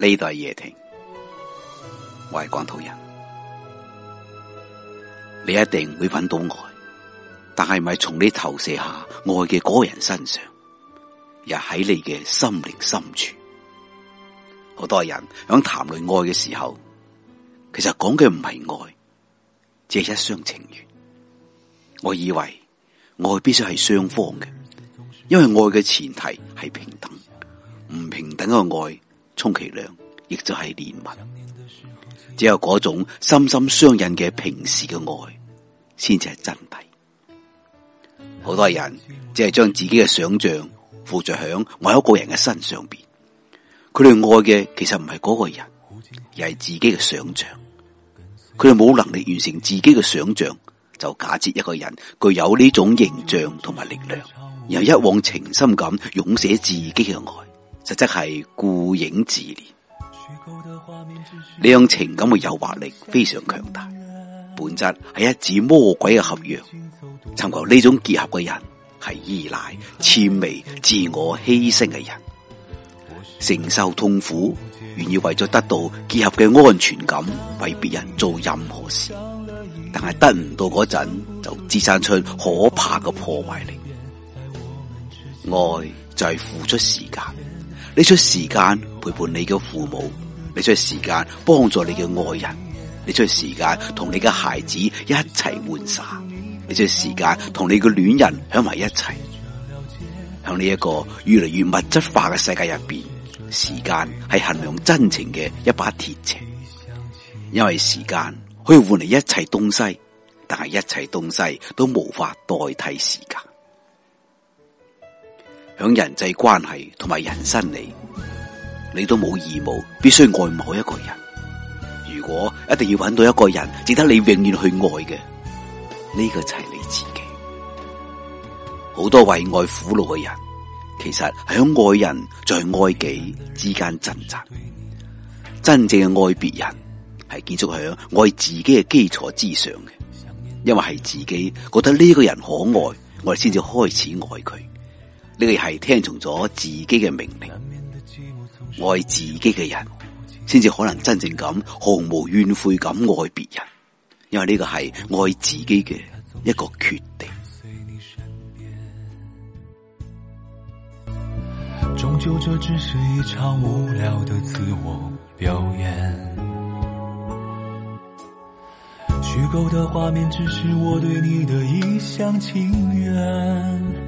呢度係夜亭，我係廣土人，你一定會揾到愛，但係唔係從你投射下愛嘅嗰人身上，又喺你嘅心靈深處。好多人響談論愛嘅時候，其實講嘅唔係愛，只係一廂情願。我以為愛必須係雙方嘅，因為愛嘅前提係平等，唔平等嘅愛。充其量亦就係憐憫，只有嗰種深深相印嘅平時嘅愛，先至係真諦。好多人只係將自己嘅想象附着響某一個人嘅身上邊，佢哋愛嘅其實唔係嗰個人，而係自己嘅想象。佢哋冇能力完成自己嘅想象，就假設一個人具有呢種形象同埋力量，然後一往情深咁湧寫自己嘅愛。實質係顧影自憐，呢種情感嘅誘惑力非常強大。本質係一紙魔鬼嘅合約，尋求呢種結合嘅人係依賴、諂媚、自我犧牲嘅人，承受痛苦，願意為咗得到結合嘅安全感，為別人做任何事。但係得唔到嗰陣，就滋生出可怕嘅破壞力。愛就係付出時間。你出時間陪伴你嘅父母，你出時間幫助你嘅愛人，你出時間同你嘅孩子一齊玩耍，你出時間同你嘅戀人響埋一齊。響呢一個越嚟越物質化嘅世界入邊，時間係衡量真情嘅一把鐵尺，因為時間可以換嚟一切東西，但係一切東西都無法代替時間。響人際關係同埋人生裏，你都冇義務必須愛某一個人。如果一定要揾到一個人值得你永遠去愛嘅，呢個就係你自己。好多為愛苦惱嘅人，其實係響愛人在愛己之間掙扎。真正嘅愛別人，係建築響愛自己嘅基礎之上嘅，因為係自己覺得呢個人可愛，我哋先至開始愛佢。呢個係聽從咗自己嘅命令，愛自己嘅人先至可能真正噉毫無怨悔噉愛別人。因為呢個係愛自己嘅一個決定。終究，這只是一場無聊嘅自我表演，虛構嘅畫面，只是我對你的一廂情願。